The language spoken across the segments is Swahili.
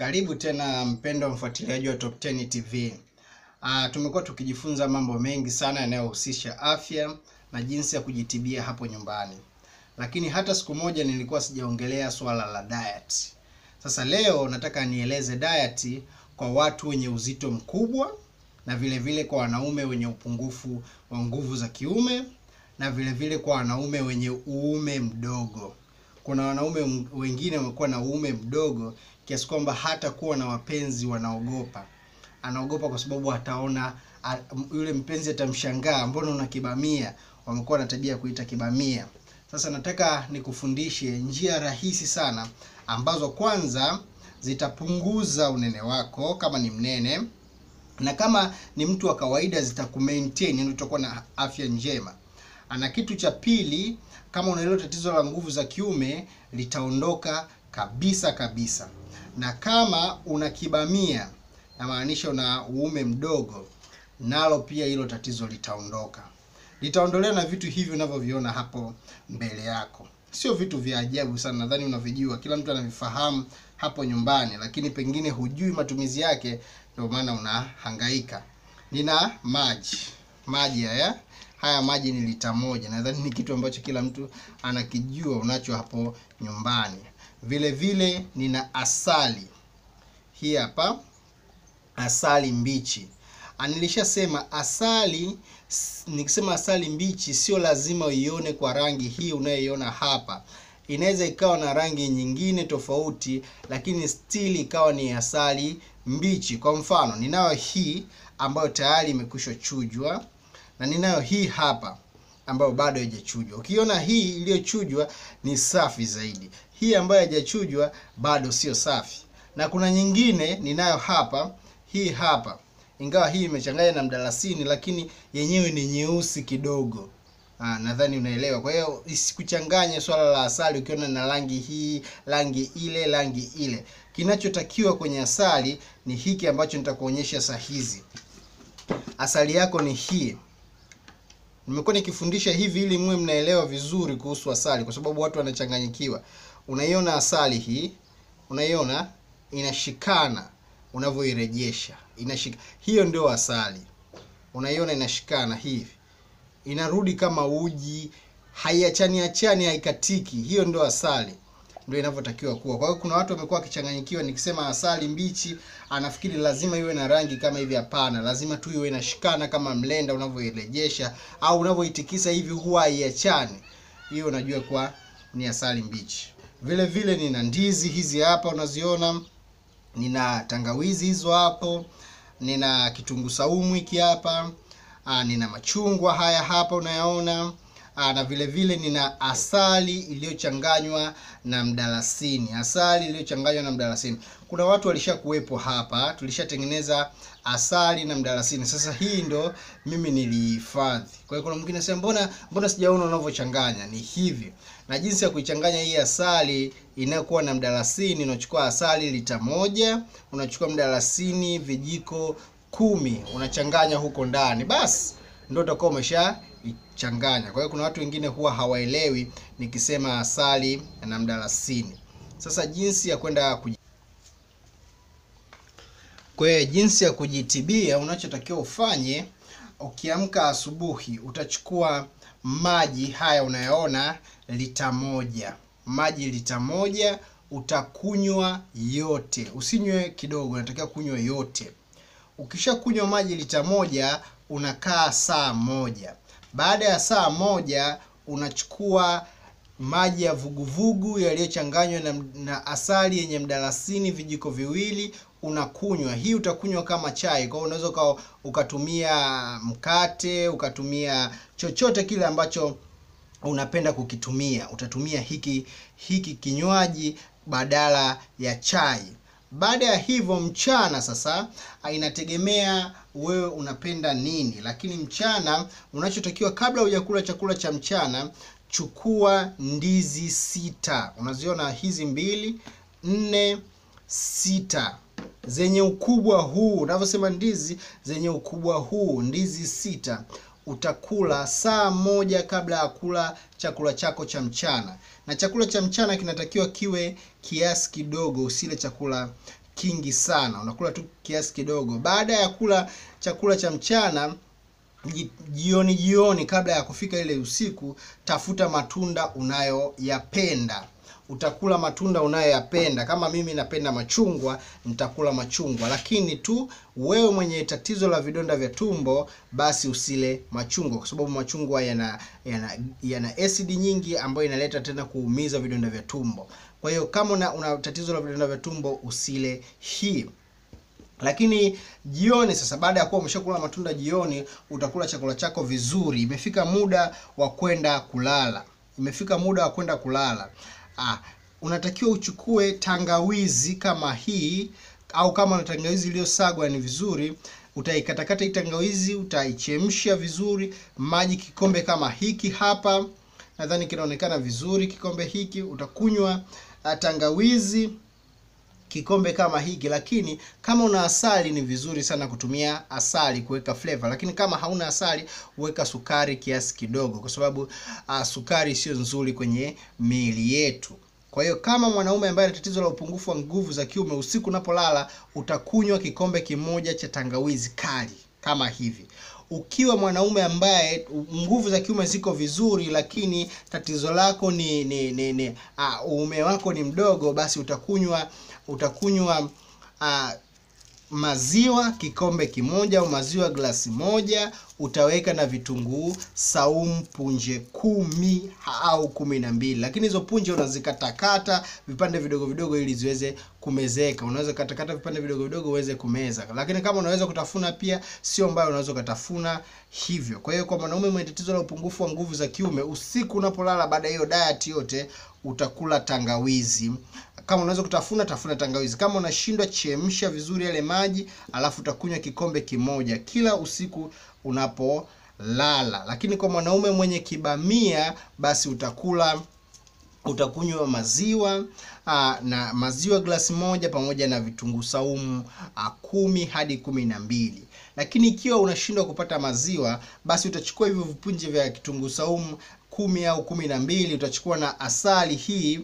Karibu tena mpendo mfuatiliaji wa Top 10 TV. Ah, tumekuwa tukijifunza mambo mengi sana yanayohusisha afya na jinsi ya kujitibia hapo nyumbani, lakini hata siku moja nilikuwa sijaongelea swala la diet. Sasa leo nataka nieleze diet kwa watu wenye uzito mkubwa na vile vile kwa wanaume wenye upungufu wa nguvu za kiume na vile vile kwa wanaume wenye uume mdogo. Kuna wanaume wengine wamekuwa na uume mdogo, kiasi kwamba hata kuwa na wapenzi wanaogopa. Anaogopa kwa sababu ataona yule mpenzi atamshangaa, mbona una kibamia? Wamekuwa na tabia ya kuita kibamia. Sasa nataka nikufundishe njia rahisi sana ambazo kwanza zitapunguza unene wako kama ni mnene, na kama ni mtu wa kawaida zitakumaintain, yani utakuwa na afya njema. Ana kitu cha pili, kama unaelewa tatizo la nguvu za kiume litaondoka kabisa kabisa. Na kama una unakibamia, namaanisha una uume mdogo, nalo pia hilo tatizo litaondoka, litaondolewa na vitu hivi unavyoviona hapo mbele yako. Sio vitu vya ajabu sana, nadhani unavijua, kila mtu anavifahamu hapo nyumbani, lakini pengine hujui matumizi yake, ndio maana unahangaika. Nina maji maji haya haya maji ni lita moja. Nadhani ni kitu ambacho kila mtu anakijua unacho hapo nyumbani. Vile vile nina asali hii hapa, asali mbichi. Ah, nilishasema asali, nikisema asali mbichi sio lazima uione kwa rangi hii unayoiona hapa inaweza ikawa na rangi nyingine tofauti, lakini still ikawa ni asali mbichi. Kwa mfano, ninayo hii ambayo tayari imekwisha chujwa na ninayo hii hapa ambayo bado haijachujwa. Ukiona hii iliyochujwa ni safi zaidi, hii ambayo haijachujwa bado sio safi, na kuna nyingine ninayo hapa, hii hapa, ingawa hii imechanganya na mdalasini, lakini yenyewe ni nyeusi kidogo. Ah, nadhani unaelewa. Kwa hiyo isikuchanganye swala la asali, ukiona na rangi hii, rangi ile, rangi ile. Kinachotakiwa kwenye asali ni hiki ambacho nitakuonyesha saa hizi. Asali yako ni hii. Nimekuwa nikifundisha hivi ili mwe mnaelewa vizuri kuhusu asali, kwa sababu watu wanachanganyikiwa. Unaiona asali hii, unaiona inashikana unavyoirejesha inashika. Hiyo ndio asali, unaiona inashikana hivi, inarudi kama uji, haiachani achani, haikatiki. Hiyo ndio asali ndio inavyotakiwa kuwa. Kwa hiyo kuna watu wamekuwa wakichanganyikiwa, nikisema asali mbichi anafikiri lazima iwe na rangi kama hivi. Hapana, lazima tu iwe inashikana kama mlenda unavyoirejesha au unavyoitikisa hivi, huwa haiachani. Hiyo unajua kwa ni asali mbichi. Vile vile nina ndizi hizi hapa unaziona, nina tangawizi hizo hapo, nina kitunguu saumu hiki hapa, nina machungwa haya hapa unayaona Ah, na vile vile nina asali iliyochanganywa na mdalasini, asali iliyochanganywa na mdalasini. Kuna watu walishakuwepo hapa, tulishatengeneza asali na mdalasini. Sasa hii ndo mimi nilihifadhi. Kwa hiyo kuna mwingine sema, mbona mbona sijaona unavyochanganya? Ni hivi. Na jinsi ya kuichanganya hii asali inayokuwa na mdalasini, unachukua asali lita moja, unachukua mdalasini vijiko kumi, unachanganya huko ndani, basi ndio utakuwa umesha kuichanganya. Kwa hiyo kuna watu wengine huwa hawaelewi nikisema asali na mdalasini. Sasa jinsi ya kwenda kuj... kwa jinsi ya kujitibia, unachotakiwa ufanye ukiamka asubuhi, utachukua maji haya unayoona lita moja, maji lita moja utakunywa yote, usinywe kidogo, unatakiwa kunywa yote. Ukishakunywa maji lita moja unakaa saa moja. Baada ya saa moja unachukua maji ya vuguvugu yaliyochanganywa na, na asali yenye mdalasini vijiko viwili unakunywa. Hii utakunywa kama chai, kwa hiyo unaweza ukatumia mkate, ukatumia chochote kile ambacho unapenda kukitumia. Utatumia hiki hiki kinywaji badala ya chai. Baada ya hivyo, mchana sasa inategemea wewe unapenda nini, lakini mchana unachotakiwa kabla hujakula chakula cha mchana, chukua ndizi sita. Unaziona hizi mbili, nne, sita zenye ukubwa huu, unavyosema ndizi zenye ukubwa huu, ndizi sita utakula saa moja kabla ya kula chakula chako cha mchana. Na chakula cha mchana kinatakiwa kiwe kiasi kidogo, usile chakula kingi sana, unakula tu kiasi kidogo. Baada ya kula chakula cha mchana jioni jioni, kabla ya kufika ile usiku, tafuta matunda unayoyapenda utakula matunda unayoyapenda. Kama mimi napenda machungwa, nitakula machungwa, lakini tu wewe mwenye tatizo la vidonda vya tumbo, basi usile machungwa, kwa sababu machungwa yana yana, yana asidi nyingi ambayo inaleta tena kuumiza vidonda vya tumbo. Kwa hiyo kama una, una tatizo la vidonda vya tumbo usile hii lakini jioni sasa, baada ya kuwa umeshakula matunda jioni, utakula chakula chako vizuri. Imefika muda wa kwenda kulala, imefika muda wa kwenda kulala ah, unatakiwa uchukue tangawizi kama hii au kama na tangawizi iliyosagwa ni vizuri utaikatakata hii tangawizi utaichemsha vizuri maji kikombe kama hiki hapa nadhani kinaonekana vizuri kikombe hiki utakunywa ah, tangawizi kikombe kama hiki, lakini kama una asali ni vizuri sana kutumia asali kuweka flavor, lakini kama hauna asali weka sukari kiasi kidogo, kwa sababu uh, sukari sio nzuri kwenye miili yetu. Kwa hiyo kama mwanaume ambaye ana tatizo la upungufu wa nguvu za kiume, usiku unapolala utakunywa kikombe kimoja cha tangawizi kali kama hivi ukiwa mwanaume ambaye nguvu za kiume ziko vizuri lakini tatizo lako ni ni, ni, ni uh, uume wako ni mdogo basi utakunywa utakunywa uh, maziwa kikombe kimoja au maziwa glasi moja utaweka na vitunguu saumu punje kumi au kumi na mbili, lakini hizo punje unazikatakata vipande vidogo vidogo ili ziweze kumezeka. Unaweza katakata vipande vidogo vidogo uweze kumeza, lakini kama unaweza kutafuna pia sio mbaya, unaweza ukatafuna hivyo. Kwa hiyo kwa mwanaume mwenye tatizo la upungufu wa nguvu za kiume, usiku unapolala baada ya hiyo diet yote utakula tangawizi. Kama unaweza kutafuna, tafuna tangawizi. Kama unashindwa, chemsha vizuri yale maji, alafu utakunywa kikombe kimoja kila usiku unapolala. Lakini kwa mwanaume mwenye kibamia, basi utakula utakunywa maziwa aa, ah, na maziwa glasi moja pamoja na vitunguu saumu ah, kumi hadi kumi na mbili lakini ikiwa unashindwa kupata maziwa basi utachukua hivyo vipunje vya kitunguu saumu kumi au kumi na mbili utachukua na asali hii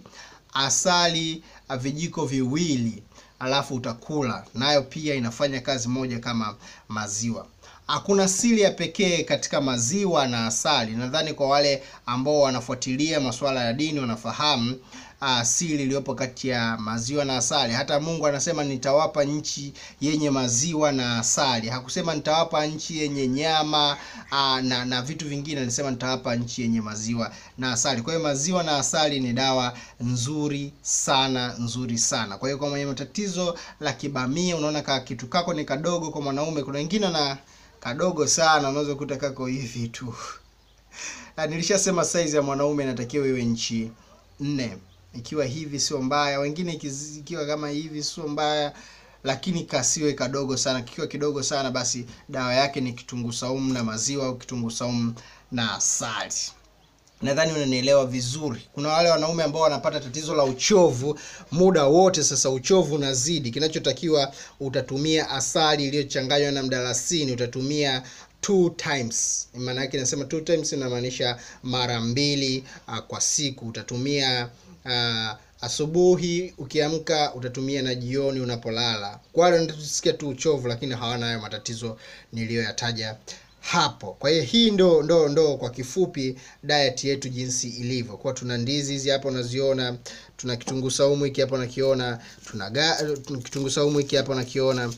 asali ah, vijiko viwili alafu utakula nayo pia inafanya kazi moja kama maziwa hakuna siri ya pekee katika maziwa na asali. Nadhani kwa wale ambao wanafuatilia masuala ya dini wanafahamu asili ah, iliyopo kati ya maziwa na asali. Hata Mungu anasema nitawapa nchi yenye maziwa na asali, hakusema nitawapa nchi yenye nyama a, ah, na, na vitu vingine. Alisema nitawapa nchi yenye maziwa na asali. Kwa hiyo maziwa na asali ni dawa nzuri sana, nzuri sana. Kwa hiyo kwa mwenye matatizo la kibamia, unaona ka kitu kako ni kadogo kwa mwanaume, kuna wengine na kadogo sana, unaweza kukuta kako hivi tu. Ah, nilishasema size ya mwanaume inatakiwa iwe nchi nne, ikiwa hivi sio mbaya, wengine ikiwa kama hivi sio mbaya, lakini kasiwe kadogo sana. Kikiwa kidogo sana, basi dawa yake ni kitunguu saumu na maziwa au kitunguu saumu na asali nadhani unanielewa vizuri. Kuna wale wanaume ambao wanapata tatizo la uchovu muda wote, sasa uchovu unazidi. Kinachotakiwa utatumia asali iliyochanganywa na mdalasini, utatumia two times. Maana yake nasema two times inamaanisha mara mbili uh, kwa siku. Utatumia uh, asubuhi ukiamka, utatumia na jioni unapolala. Kwa wale wanatusikia tu uchovu, lakini hawana hayo matatizo niliyoyataja hapo. Kwa hiyo hii ndo, ndo, ndo kwa kifupi diet yetu jinsi ilivyo. Kwa tuna ndizi hizi hapa unaziona, tuna kitunguu saumu hiki hapa unakiona, tuna kitunguu saumu hiki hapa unakiona,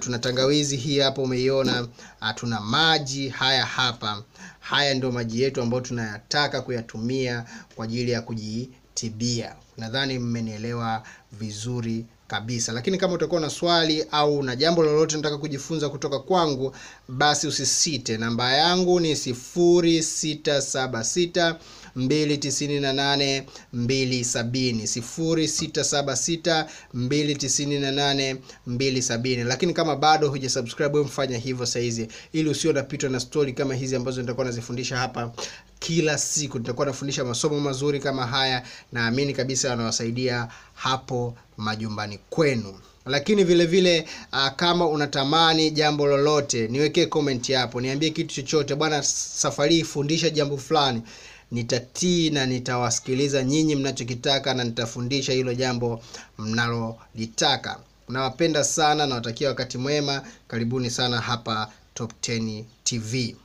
tuna tangawizi hii hapo umeiona, tuna maji haya hapa. Haya ndio maji yetu ambayo tunayataka kuyatumia kwa ajili ya kujitibia. Nadhani mmenielewa vizuri kabisa. Lakini kama utakuwa na swali au na jambo lolote unataka kujifunza kutoka kwangu, basi usisite. Namba yangu ni 0676 298 Lakini kama bado hujasubscribe, mfanya hivyo saizi, ili usio napitwa na stori kama hizi ambazo nitakuwa nazifundisha hapa kila siku tutakuwa nafundisha masomo mazuri kama haya naamini kabisa yanawasaidia hapo majumbani kwenu lakini vile vile uh, kama unatamani jambo lolote niwekee comment hapo niambie kitu chochote bwana safari fundisha jambo fulani nitatii na nitawasikiliza nyinyi mnachokitaka na nitafundisha hilo jambo mnalolitaka nawapenda sana nawatakia wakati mwema karibuni sana hapa top 10 tv